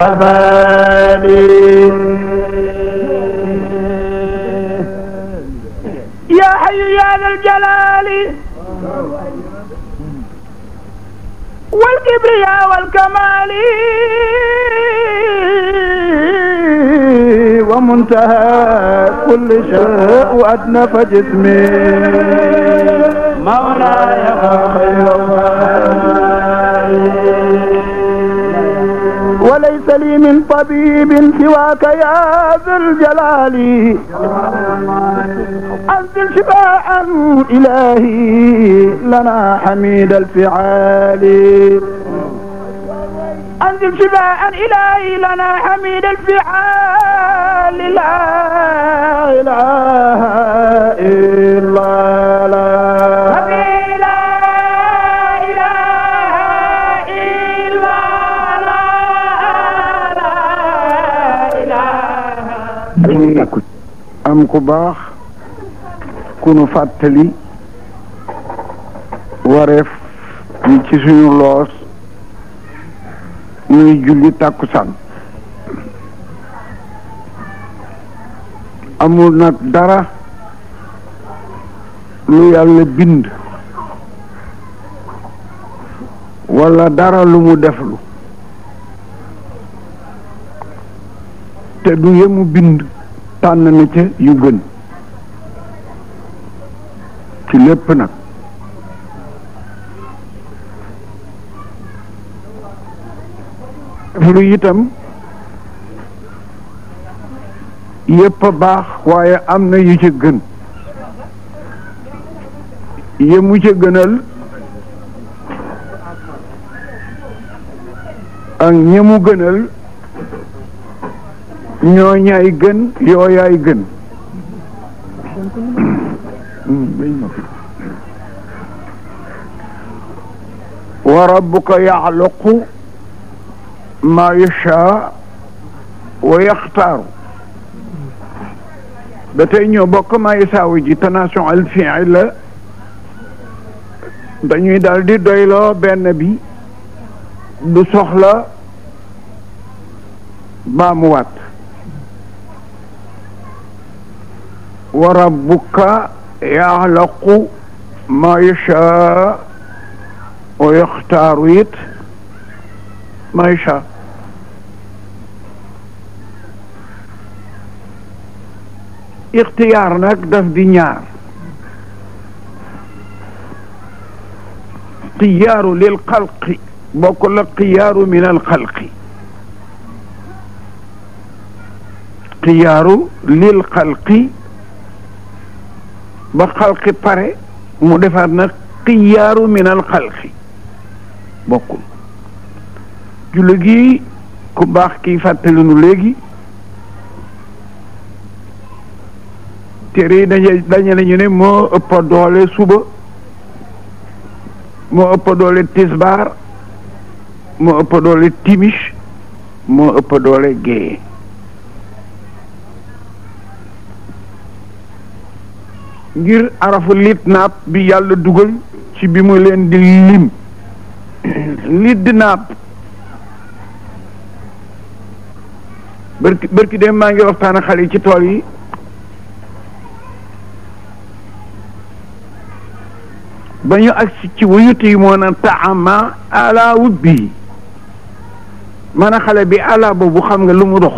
آمين يا حي يا ذا الجلال والكبرياء والكمال ومنتهى كل شيء وأدنف جسمي مولاي خير وليس لي من طبيب سواك يا ذا الجلال أنزل شفاء إلهي لنا حميد الفعال أنزل شفاء إلهي لنا حميد الفعال لا إله am ku baax ku nu fàttali wareef yi ci suñu loos nuy julli tàkkusaan amul nag dara lu yàlla bind walla dara lu mu deflu te du yemu bind tànn na ca yu gën ci lépp nag lu itam yépp a baax waaye am na yu ca gën yemu ca gënal ak ñemu gënal ñooñaay gën yooyaay gën wa rabbuka yaxluqu maa yashaa wa yaxtaaru ba tey ñoo bokk maa yasaawu ji tenation al fiil la dañuy daal di doyloo benn bi du soxla baamuwaat wa rabbuka yaxlaqu ma yasha wa yaxtaaru it ma yasha ixtiyaar nag daf di ñaar xiyaaru lil xalqi bokk la xiyaaru min al xalqi xiyaaru lil xalqi ba xalqi pare mu defaat na xiyaaru minal xalqi bokkul julli gi ku baax kii fàttali nu léegi téere yi dañu dañu nañu ne moo ëpp doole suba moo ëpp doole tisbaar moo ëpp doole timis moo ëpp doole géeye ngir arafu litnaab bi yàlla dugal ci bi mu leen di lim litnaab bërki bërki dem maa ngi waxtaan xale yi ci tool yi ba ñu agsi ci wuyuti yi moo naan taama ala wubbi man a xale bi ala boobu xam nga lu mu dox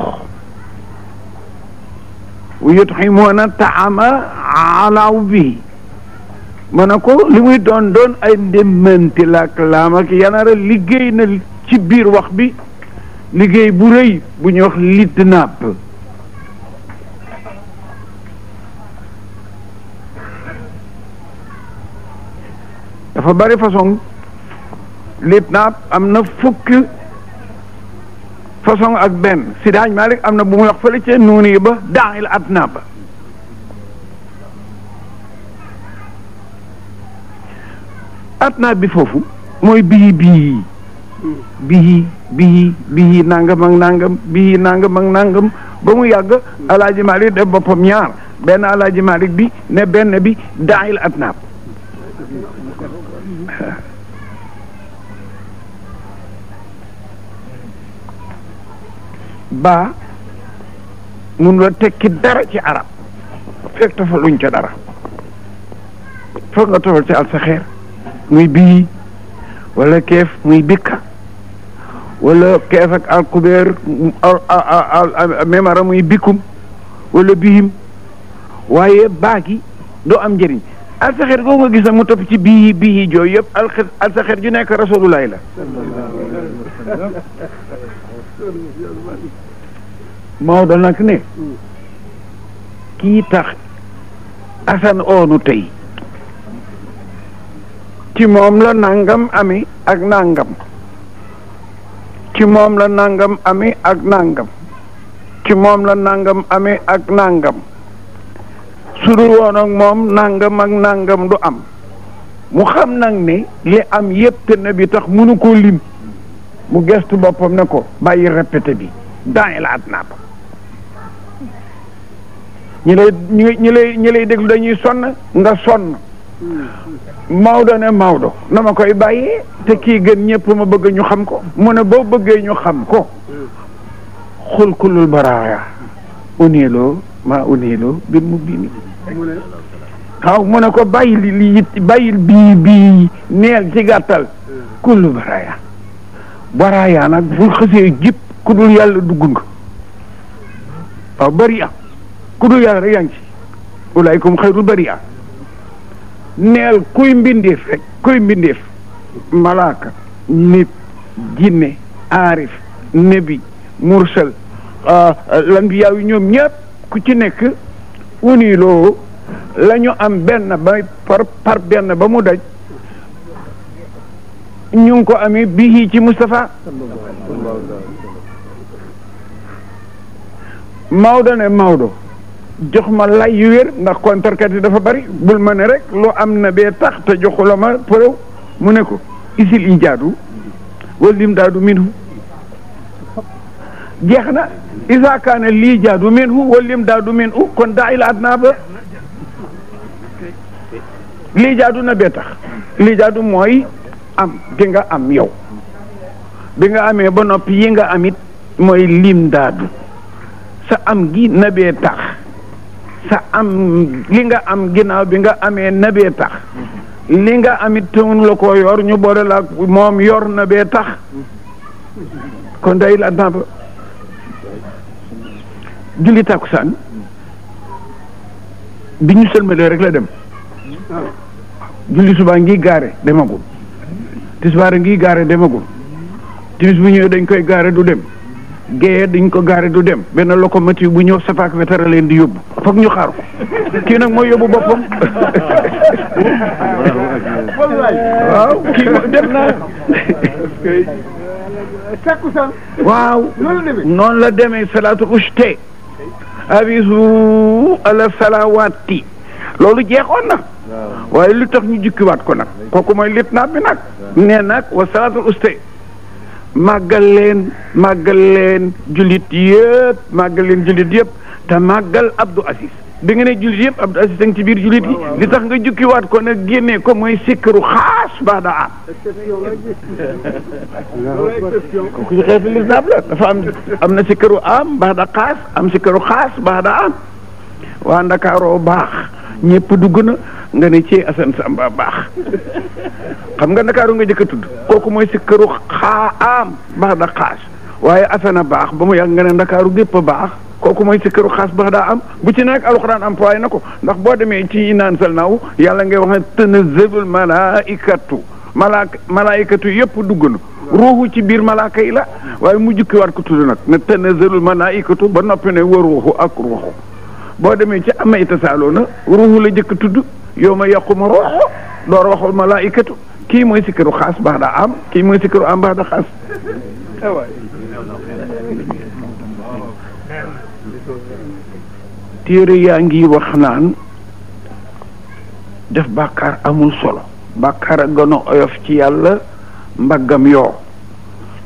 wuyuti yi moo naan taama alaaw bi ma ne ko li muy doon doon ay ndémmanti laak laam ak yanara liggéey na ci biir wax bi liggéey bu rëy bu ñuy wax lidd napp dafa bari façon lidd napp am na fukki façon ak benn si maa rek am na bu muy wax fële ci nuuni ba daanil at napp atnaa bi foofu mooy bii bii bii bii bii nangam ak nangam bii nangam ak nangam ba mu yàgg alaaji Malik def boppam ñaar benn alaaji Malik bi ne benn bi daayil atnaab baa mun la tekki dara ci arab fekk tafaluñ ca dara foog nga tofal ci al sa xeer muy bii wala keef muy bikka wala keef ak alkubeer memara muy bikkum wala bihim waaye baagi doo am njëriñ alsaxeer googu nga gis mu topp ci bii yi jooy yëpp al alsaxeer ju nekk rasulullah la Maodo nag ne kii tax asan oonu tey ci moom la nangam ami ak nangam ci moom la nangam ami ak nangam ci la nangam ami ak nangam su dul woon ak moom nangam ak nangam du am mu xam nag ne li am yëpp te na bi tax mënu ko lim mu gestu boppam ne ko bàyyi répété bi dans la at napp ñi lay ñi lay ñi lay déglu dañuy sonn nga sonn. Hmm. Maodo ne Maodo na ma koy bàyyee te kii gën ñëpp ma bëgg ñu xam ko mu ne boo bëggee ñu xam ko xul kulul baraaya uniiloo maa uniiloo bi mu bini waaw mu ne ko bàyyil li it bàyyil bii bii neel ci gàttal kullu baraaya baraaya nag bu xësee jip ku dul yàlla dugg nga waaw bëri a ku dul yàlla rek yaa ngi ci ulaykum xayrul bëri a neel kuy mbindeef rek kuy mbindeef malaaka nit jinne aarif nebi mursal lanbiyaa yu ñoom ñëpp ku ci nekk uniloo lañu am benn ba par par benn ba mu daj ñu ko amee bii ci Moustapha Maodo ne Maodo jox ma lay yu wér ndax kontarkat yi dafa bari bul ma ne rek lu am na bee tax te joxula ma preuve mu ne ko isil ijaadu wala lim daadu minhu jeex na isa lii jaadu minhu wala lim daadu minhu kon daa ila adnaa ba lii jaadu na bee tax mooy am di nga am yow bi nga amee ba noppi yi nga amit mooy liim daadu sa am gi na bee tax sa am li nga am ginnaaw bi nga amee nabee tax li nga amit tëwun la ko yor ñu boole la moom yor na bee tax kon day la daba julli takkusaan bi ñu sëlmalee rek la dem julli subaa ngi gaare demagul tisbaar ngi gaare demagul timis bu ñëwee dañ koy gaare du dem géeyee dañ ko gaare du dem benn locomotive bu ñëw safaak wetara leen di yóbbu foog ñu xaar ko kii nag mooy yóbbu boppam waaw kii dem naa waaw noonu la demee salaatu ushte abisu ala salawaati loolu jeexoon na waaye lu tax ñu jukkiwaat ko nag kooku mooy lit naat bi nag nee nag wa salaatul ushte màggal leen màggal leen jullit yëpp màggal leen jullit yëpp te màggal Abdou Aziz bi nga ne jullit yëpp Abdou Aziz ngi ci biir jullit yi li tax nga jukkiwaat ko nag génnee ko mooy sikkaru xaas baax daa am. ku ci dafa am na sikkaru am baax da xaas am sikkaru xaas baax daa am waa Ndakaaroo baax ñëpp dugg na. nga ne ci Assane Samba baax xam nga Ndakaaru nga jëkk a tudd kooku mooy si këru xaa am baax da xaas waaye Assane a baax ba mu yàgg nga ne Ndakaaru gépp a baax kooku mooy si këru xaas baax daa am bu ci nekk alxuraan employé na ko ndax boo demee ci naan sal naaw yàlla ngay wax ne tënazalul malaikatu malaak malaikatu yëpp dugganu ruuxu ci biir malaaka yi la waaye mu jukkiwaat ko tudd nag ne tënazalul malaikatu ba noppi ne wa ruuxu ak ruuxu boo demee ci amay tasaaloo na ruuxu la tudd yow ma yaqumu ruuxu door waxul malaayikatu kii mooy sikkiru xaas baax daa am kii mooy sikkiru am baax da xaas téere yaa ngi wax naan def bàkkaar amul solo bàkkaar a gën a oyof ci yàlla mbaggam yoo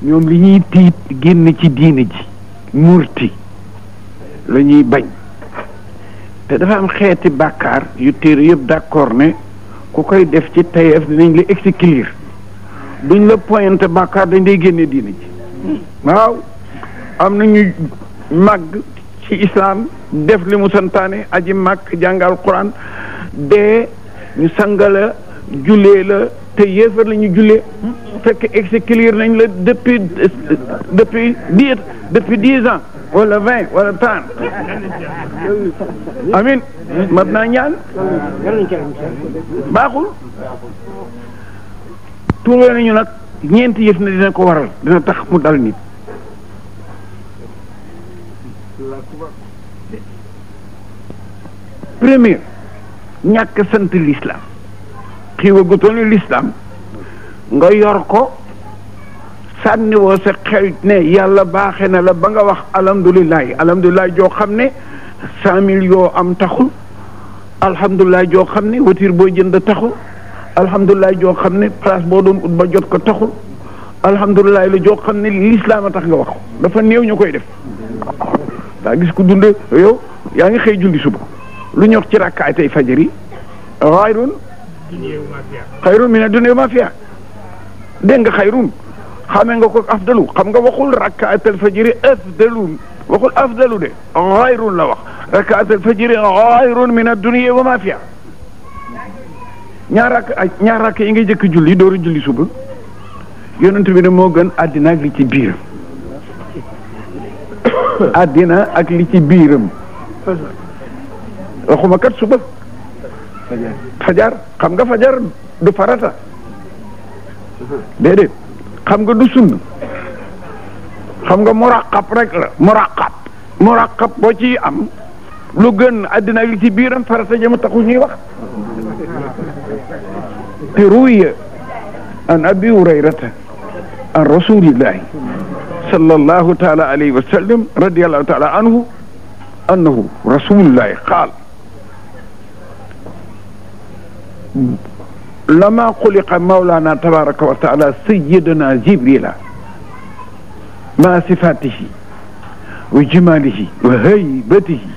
ñoom li ñuy tiit génn ci diini ji murti la ñuy bañ te dafa am xeeti bàkkaar yu téere yëpp d'accord ne ku koy def ci tayeef dinañ la exécuter duñ la pointé bàkkaar dañ lay génne diina ji waaw am na ñu màgg ci islam def li mu santaane aji màgg jàngal quran dee ñu sangala jullee la te yéefar la ñu jullee fekk exécuter nañ la depuis depuis dix depuis dix ans wala vingt wala trente amin mat naa ñaan baaxul tuuroo ñu nag ñeenti yëf na dina ko waral dina tax mu dal nit premier ñàkk sant l'islam xiiwa gutoonu l'islam nga yor ko sànni woo sa xewit ne yàlla baaxe na la ba nga wax alhamdulilah alhamdulilah joo xam ne cent mille yoo am taxul alhamdulilah joo xam ne voiture boo jënd taxul alhamdulilah joo xam ne boo doon ut ba jot ko taxul alhamdulilah la joo xam ne lislaam tax nga wax dafa néew ñu koy def daa gis ku dund yaa ngi xëy julli suba lu ñox ci rakkaay tey fajar yi xayrun xayrun mi ne dunee ma fiya dégg xayrun xame nga ko afdalu xam nga waxul rakaatal fajiri afdalu waxul afdalu de xayrun la wax rakaatal fajiri xayrun min addunya wa ma fiha ñaar ay ñaar rakk yi ngay jëkk julli dooru julli suba yonent bi moo gën àddina ak li ci biiram àddina ak li ci biiram waxuma kat suba fajar xam nga fajar du farata déedéet xam nga du sunna xam nga muraqab rek la muraqab muraqab boo ciy am lu gën àddina li ci biiram farata jama taxu ñuy wax te ruwiya an abi hurayrata an rasulillahi sallallahu taala alayhi wa sallam radiallahu taala anhu annahu rasulullahi qaal lama xuliqa mawlaana tabaraka wa taala sayidana jibrila ma sifatihi wa jimalihi wa haybatihi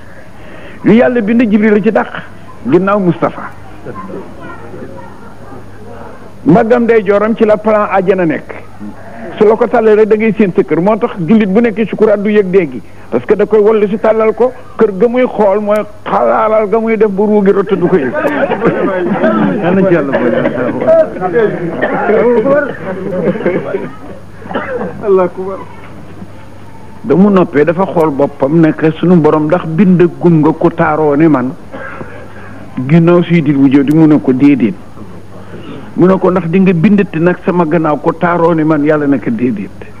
lu yàlla bind jibrila ci dàq ginnaaw Moustapha mbaggam day jooram ci la plan ajana nekk su la ko tàllee rek da ngay seen sa kër moo tax jullit bu nekkee sukuraat du yëg dee gi parce que da koy wallu ci tàllal ko kër ga muy xool mooy xalaalal ga muy def bu ruugi rott du ko yëg da mu noppee dafa xool boppam nekk sunu borom ndax bind gum nga ku taaroo ni man ginnaaw suy dit bu joti mu ko déedéet mu ne ko ndax di bind bindati nag sama gannaaw ko taaroo ni man yàlla na ko déedéet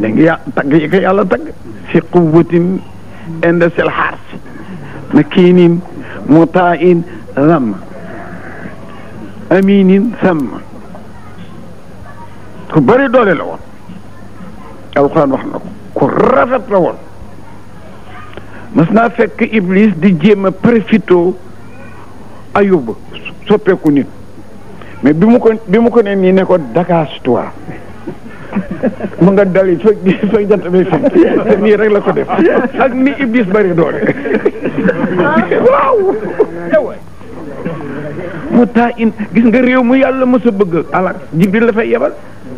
léegi yà tagg yi ko yàlla tagg fi quwwatin inda sil xaars makiinin mutain aminin samma ku bëri doole la woon alxuraan wax na ku rafet la mas naa fekk iblis di jéem a profito ayub soppeeku nit mais bi mu ko bi mu ko ne ko dakaas toi mu nga dali fa fa nii rek la ko def ak ni iblis bari doole waaw mu taa in gis nga réew mu yàlla mës a bëgg alak jibril dafay yebal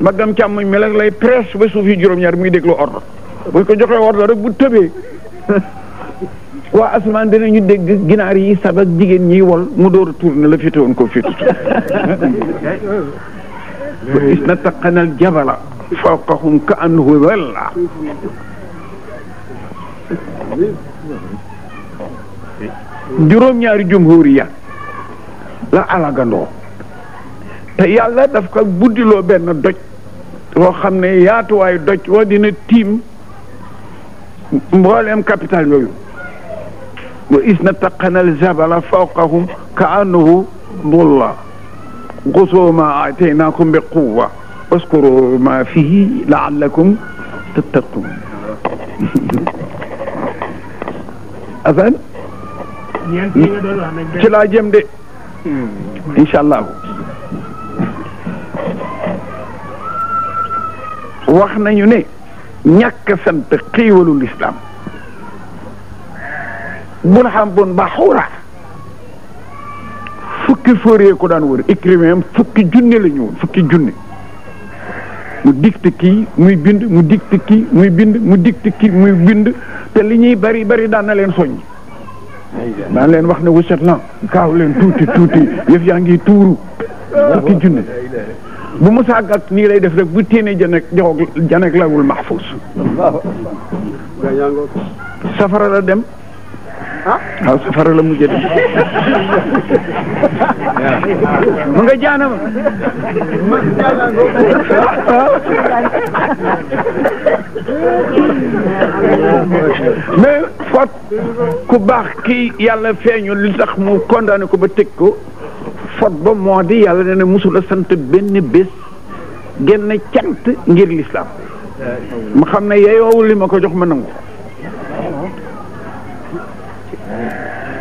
magam càmmoñ mi lay presse ba suuf yu juróom-ñaar muy déglu ordre buñ ko joxee ordre rek bu tëbee waa asamaan dinañu dégg ginaar yi sabak jigéen ñiy wol mu door a tourné la féetewoon ko féetut is na taqanal jabala فوقهم كأنه ظل juróom ñaari jumhuriya la alagandoo te yàlla daf ko buddiloo benn doj boo xam ne yaatuwaay doj woo dina tiim mbooleem capital yooyu wa is na taqanal jabala fawqahum ka annahu dulla xusoo ma ataynakum bi quwwa waskuru ma fihi laallakum tattaqun asan ci laa jëm de incha allah wax nañu ne ñàkk sant xéewalu lislaam bun xam bun ba xuura fukki fóoree ko daan wër écrivain fukki junne la ñu woon fukki junne mu dicte kii muy bind mu dicte kii muy bind mu dicte kii muy bind te li ñuy bari bari daan na leen soññ daan leen wax ne wuset na gaaw leen tuuti tuuti yëf yaa ngi tuuru fukki junne bu mu sàggat nii lay def rek bu téenee janek joxog janek lawul maxfuus safara la dem ah waaw safara la mujj a dem. nga jaana ma. mais fot ku baax kii yàlla feeñu li tax mu condamné ko ba tëj ko foot ba mois di yàlla nee na musul a sant benn bés genn cant ngir lislaam ma xam ne yeyoowul li ma ko jox ma nangu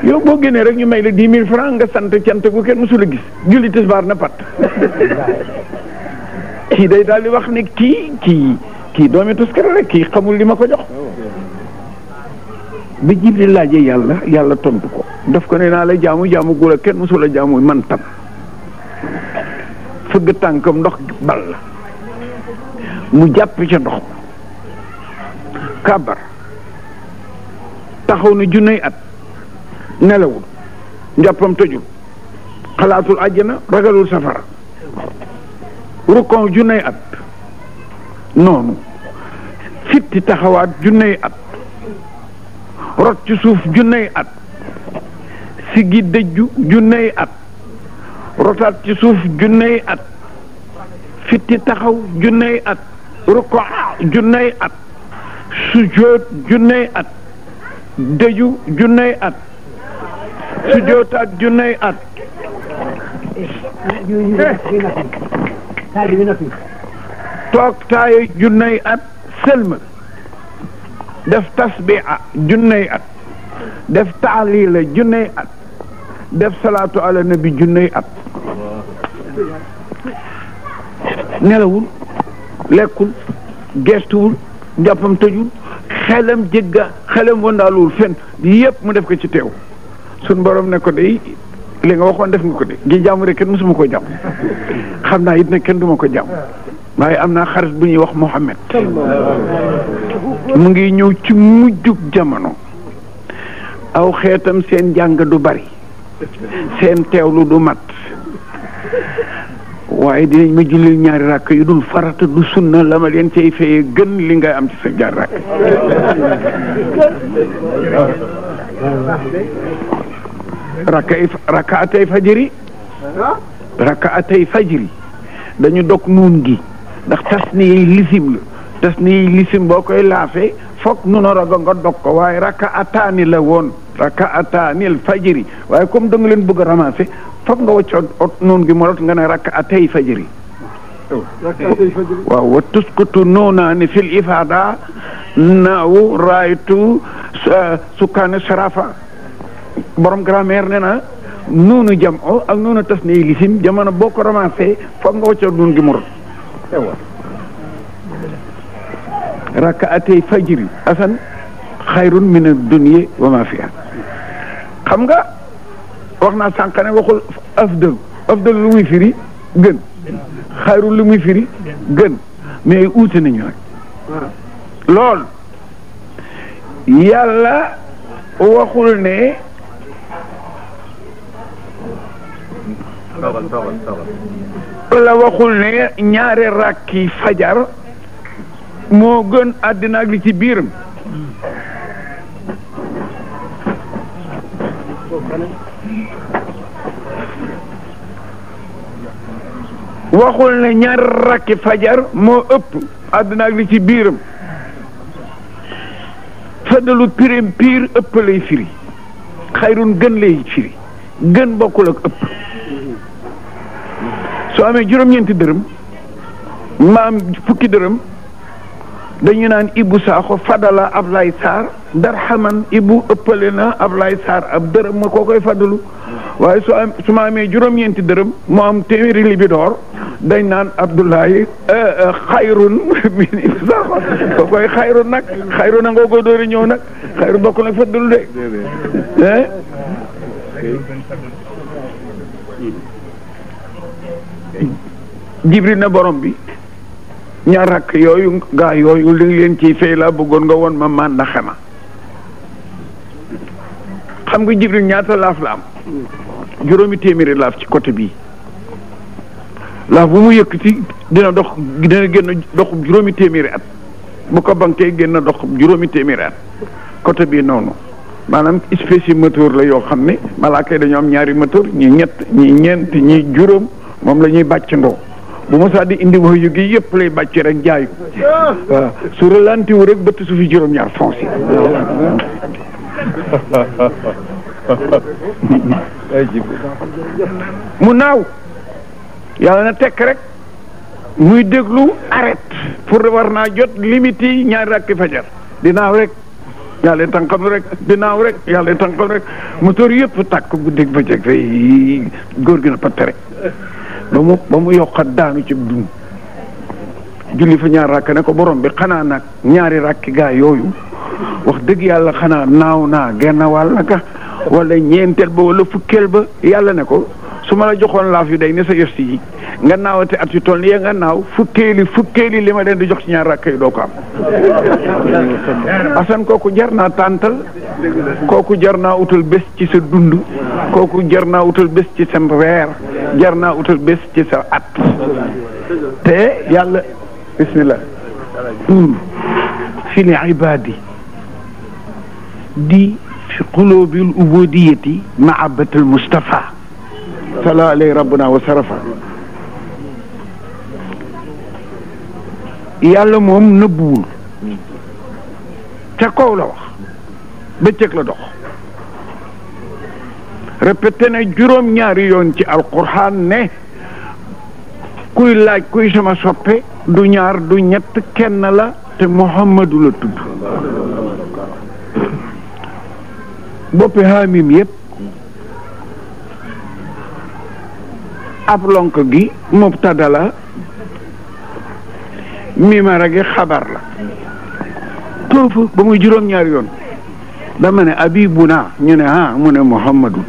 yow boo génnee rek ñu may la dix mille francs nga sant cant gu kenn mësul a gis julli tisbaar na pat kii day daal di wax ne kii kii kii doomi tuskare rek kii xamul li ma ko jox bi Jibril laajee yàlla yàlla tontu ko def ko ne naa la jaamu jaamu gula kenn mësul a jaamu man fëgg tànkam ndox bal la mu jàpp ca ndox kabar taxaw na junney at nelawul njàppam tëjul xalaatul àjjana ragalul safara rukkon junney at noonu fitti taxawaat junney at rot ci suuf yi at siggi dëjju junney at rotaat ci suuf junney at fitti taxaw junney at rukkon junney at sujoot junney at dëju junney at su jootaat junney at. toog taayu junney at sëlma def tasbiha junney at def taaliila junney at def salaatu ala nabi junney at nelawul lekkul gestuwul njàppam tëjul xelam jégga xelam wandaaluwul fen yépp mu def ko ci teew suñ boroom ne ko de li nga waxoon def nga ko de gi jàmm kenn mosuma koo jàmm xam naa it ne kenn duma ko jàmm waaye am naa xarit bu ñuy wax Mouhamed mu ngi ñëw ci mujjug jamono aw xeetam seen jàng du bari seen teewlu du mat waaye dinañ ma jullil ñaari rakk yu dul farata du sunna la ma leen cay fayee gën li ngay am ci sa jaar rakk rakay rakaatay fajiri rakaatay fajiri dañu dog nuun gi ndax tasniyey lisim lisim boo koy laafee foog nuna rago nga dog ko waaye rakaataani la woon rakaataanil fajiri waaye comme da nga leen bëgg a ramasser foog nga waccoot ot nuun gi nga ne rakaatay fajiri waaw wa tuskutu nuunaani fil ifada naawu raaytu sukkaani sarafa borom grammaire nee na nuunu jam o ak nuunu tas ne lisim jamono boo ko romancé nga waccoog nuun gi rakka atey fajiri asan xayrun min ad dunya wa ma xam nga wax naa sànq waxul afdal afdal lu muy firi gën xayrun lu muy firi gën mais uute nañu rek lool yàlla waxul ne toogal waxul ne ñaari rakki fajar moo gën àddina li ci biiram. waxul ne ñaari rakki fajar moo ëpp àddina ak li ci biiram fadalu pirim piir ëpp lay firi xayrun gën lay firi gën bokkul ak ëpp. su amee juróom-ñeenti dërëm maam fukki dërëm dañu naan ibu Sakho fadala Ablaye Sarr darhaman Ibou ëppale na Ablaye ab dërëm ma koo koy fadalu waaye su am amee juróom-ñeenti dërëm mu am téeméeri bi door dañ naan Abdoulaye euh, euh, xayrun min Ibou Sakho koo koy xayrun nag xayrun na nga ko doori ñëw nag xayru bokk nag faddalu de jibril na borom bi ñaar rakk yooyu gaa yooyu li leen ciy fay laa bëggoon nga won ma man ma xam nga jibril ñaata laaf la am juróomi téeméeri laaf ci côté bii laaf bu mu yëkkati dina dox dina génn dox juróomi téeméeri at bu ko bankee génn dox juróomi téeméeri at côté bii noonu maanaam espèce moteur la yoo xam ne malaaka yi dañoo am ñaari moteur ñi ñett ñi ñeent ñi juróom moom la ñuy bàccandoo bu saa di indi yu gi yëpp lay bàcc rek jaayu waaw su relantiwu rek bëtt su fi juróom-ñaar francs mu naaw yàlla na tekk rek muy déglu arrête pour war naa jot limite yi ñaari rakki fajar di naaw rek yàlla tànkam rek di naaw rek yàlla tànkam rek moteur yëpp tàkk guddeeg bëccëg na patt ba mu ba mu yokkat daanu ci dund julli fa ñaar rakk ne ko borom bi xanaa nag ñaari rakki yooyu wax dëgg yàlla xanaa naaw naa genn wàll ka wala ñeenteel ba wala fukkeel ba yàlla ne ko su ma la joxoon laaf yu day ne sa yosti ji nga naawate at yu toll nii nga naaw fukkeeli fukkeeli li ma leen di jox ci ñaar rakk doo ko am. kooku jar naa tàntal kooku jar naa utal bés ci sa dund kooku jar naa utal bés ci sa reer jar naa utal bés ci sa at te yàlla bismillah tuur fi li di fi qulubil ubudiyati mahabbatal Mustafa sala yàlla moom nëbbuwul ca kaw la wax bëccëg la dox répété na juróom ñaari yoon ci alquran ne kuy laaj kuy sama soppe du ñaar du ñett kenn la te Muhammadu la tudd boppi haamim yépp ab lonk gi mubtada la mimara gi xabar la foofu ba muy juróom-ñaari yoon dama ne abibuna ñu ne ah mu ne muhammadu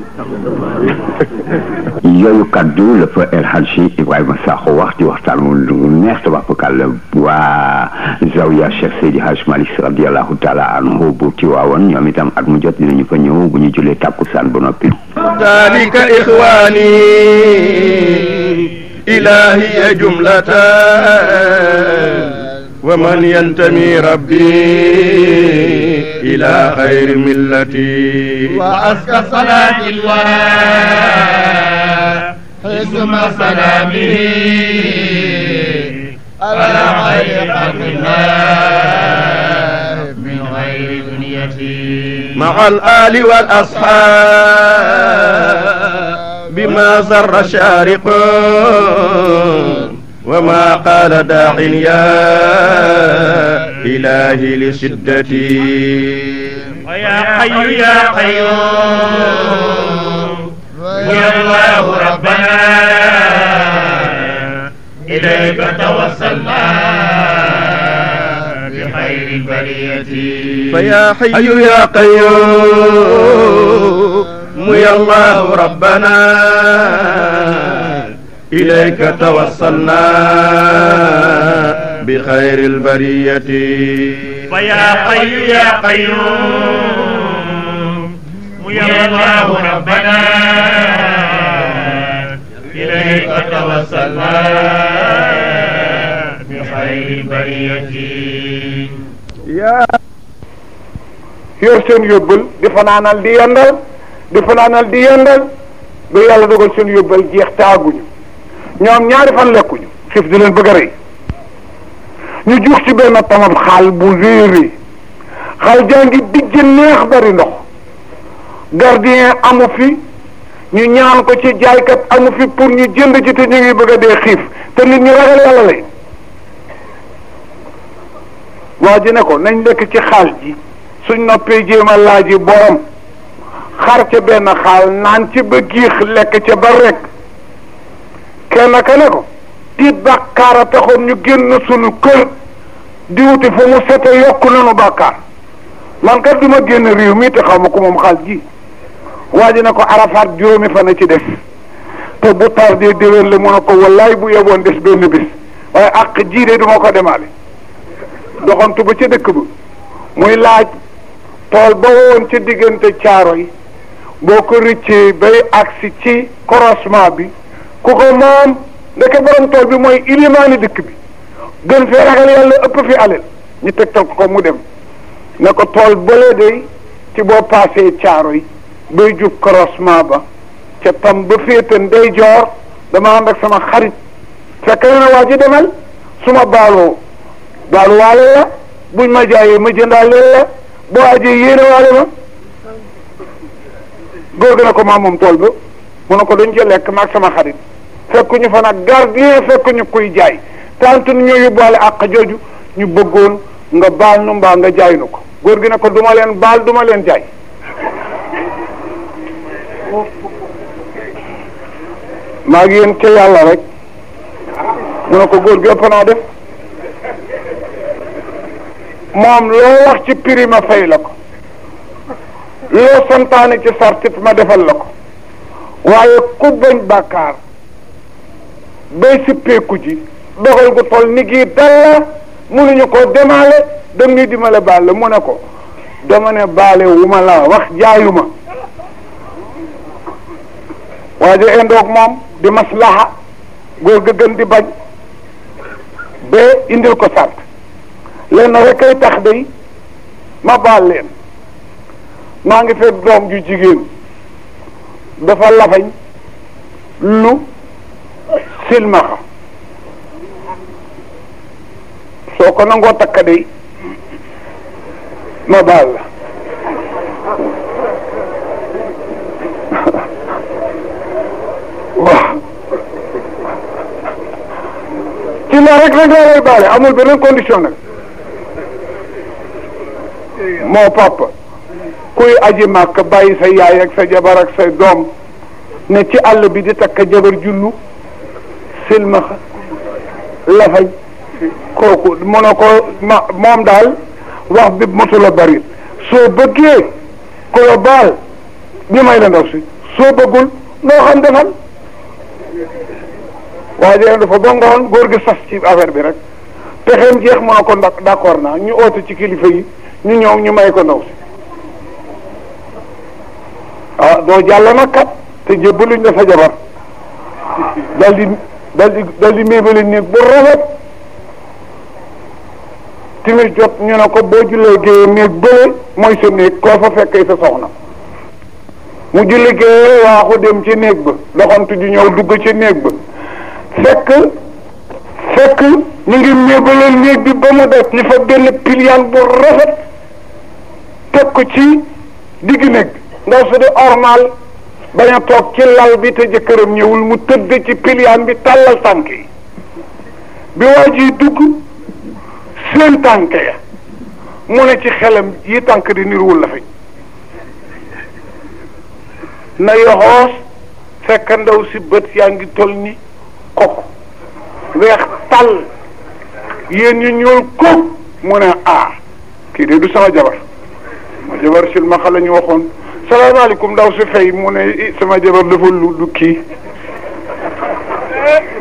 yooyu kaddu la fa El Hadji Ibrahima Sakho wax ci waxtaan mu neex tabaarkalla waa Zawiya Cheikh Seydi Hadj Malick radiyallahu taala anhu bu Tiwaawan ñoom itam at mu jot dinañu fa ñëw bu ñu jullee tàkkusaan ba noppi. dalika ixwaani إلهي جملة ومن ينتمي ربي إلى خير ملتي وأزكى صلاة الله حزم سلامه على خليقة الله من غير بنيتي مع الآل والأصحاب بما سر شارق وما قال داع يا إلهي لشدتي ويا حي يا قيوم يا الله ربنا إليك توسلنا بخير البرية فيا حي يا قيوم muy allahu rabbana ilayka tawassalna bi xayri lbariyati fa yaa xayu yaa qayum muy allahu rabbana ilayka tawassalna bi xayri lbariyati yor seen yóbbal di fanaanal di yondal di fanaanal di yendal ba yàlla dogal seen yóbbal jeex taaguñu ñoom ñaari fan lekkuñu xiif di leen bëgg a ñu juux ci benn tamab xal bu réeré xaal jaa ngi dijj neex bari ndox gardien amu fi ñu ñaan ko ci jaaykat amu fi pour ñu jënd ci te ñu ngi bëgg a dee te nit ñu ragal yàlla waa ji ne ko nañ lekk ci xal ji suñ noppee jéem a laaj yi borom xar ca benn xaal naan ca ba giix lekk ca ba rek kenn ka ne ko di bàkkaar a taxoon ñu génn sunu kër di wuti fu mu sete yokk nanu bàkkaar man kat du ma génn réew mi te xaw ma ko moom xaal ji waa ji ne ko arafaat juróomi fan a ci des te bu tardé déwén la mën a ko wallaay bu yeboon des benn bis waaye ak ji de du ko demaale doxantu ba ci dëkk ba muy laaj tool ba woon ca diggante caaro yi boo ko rëccee bay agsi ci croisement bi ku ko moom ndeke borom tool bi mooy ilimaani dëkk bi gën fee ragal yàlla ëpp fi alal ñu tegtal ko ko mu dem ne ko tool bële day ci boo paasee caaro yi bay jub croisement ba ca tam ba féete ndey joor dama ànd sama xarit fekk na waa ji demal su ma baaloo la buñ ma jaayee ma jëndaale la boo ajee yéenewaale ma góor gi ne ko maa moom tool ba mu ne ko dañ ci lekk maag sama xarit fekkuñu fa nag gardien fekkuñu kuy jaay tant ñu yóbbaale àq jooju ñu bëggoon nga baal nu nga jaay nu ko góor gi ne ko du leen baal du leen jaay maa ngi yéen ca yàlla rek mu ne ko góor gi ëpp naa def moom loo wax ci prix ma la ko loo santaane ci sartit ma defal la ko waaye ku bañ bàkkaar bay sippeeku ji dogal gu toll ni gii dalla mënuñu ko demaale dem ni dimale baal la mu ne ko dama ne baale wu ma la wax jaayu ma waa ji indoog moom di maslaha góor ga gën di bañ ba indil ko sart lenn rek ay tax day ma baal leen maa ngi fekk doom ju jigéen dafa lafañ lu silmaxa soo ko nangoo takka day ma baal la waaw ci la rek rek condition nag moo papa kuy aji màkk bàyyi sa yaay ak sa jabar ak sa doom ne ci àll bi di takk jabar jullu silmaxa lafañ kooku mu ne ko moom daal wax bi motul a bari soo bëggee ku baal ñu may la ndox si soo bëggul loo xam defal waaye dina dafa bongoon góor gi sas ci affaire bi rek pexeem jeex mu ne ko ndax d'accord naa ñu oote ci kilifa yi ñu ñëw ñu may ko ndox si ah doo jàll nag kat te jébbaluñ la sa jabar dal di dal di dal di méebali néeg bu rafet timis jot ñu ne ko boo jullee géeye néeg bële mooy sa néeg koo fa fekkee sa soxna mu julli géeye waaxu dem ci néeg ba doxantu ji ñëw dugg ci néeg ba fekk fekk ñu ngi méebalal néeg bi ba mu def ñu fa benn piliyaan bu rafet teg ko ci digg néeg ndaw su di ormal bañ toog ci lal bi te jëkkëram ñëwul mu tëdd ci piliyaan bi tàllal tànk yi bi waa ji dugg seen tànk ya mu ne ci xelam yi tànk di niruwul la fi na yoxoos fekk ndaw si bët yaa ngi toll ni kooku weex tàll yéen yu ñuul kooku mu ne ah kii de du sama jabar ma jabar sil ma xala waxoon salaamaaleykum ndaw si fay mu ne sama jabar dafa lu du kii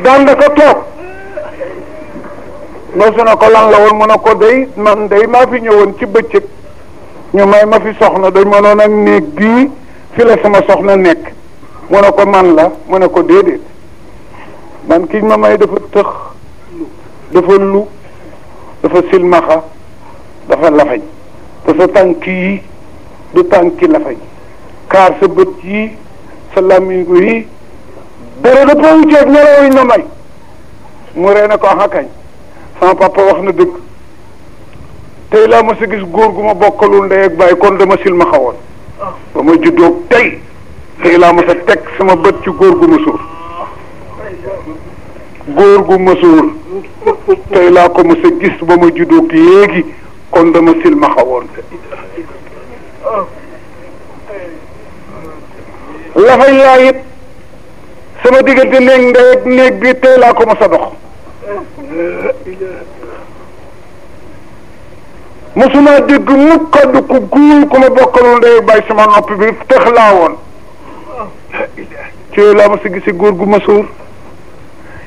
daan da ko toog ndaw si ne ko lan la woon mu ne ko day man day maa fi ñëwoon ci bëccëg ñu may ma fi soxna dañ ma noon ak néeg bii fi la sama soxna nekk mu ne ko man la mu ne ko déedéet man kiñ ma may dafa tëx dafa lu dafa silmaxa dafa lafañ te tànk yi du tànki lafañ kaar sa bët yi sa làmmiñ yi dara da poowu ceeb ñelawuñ na may mu na ko ax akañ sama papa wax na dëgg tey ma sa gis góor gu ma bokkalul ndey ak bàyyi kon dama silma xawoon ba ma juddoo tey tey ma sa teg sama bët ci góor gu ma suur góor gu ma suur tey laa ko ma sa gis ba ma juddoo léegi kon dama silma xawoon la fay sama diggante néeg ndey néeg bi tey laa ko mos a dox mosuma dégg mu kaddu ku guur ku ma bokkalul ndey ak bàyyi sama bi tëx laa woon ci laa ma si gisi góor gu ma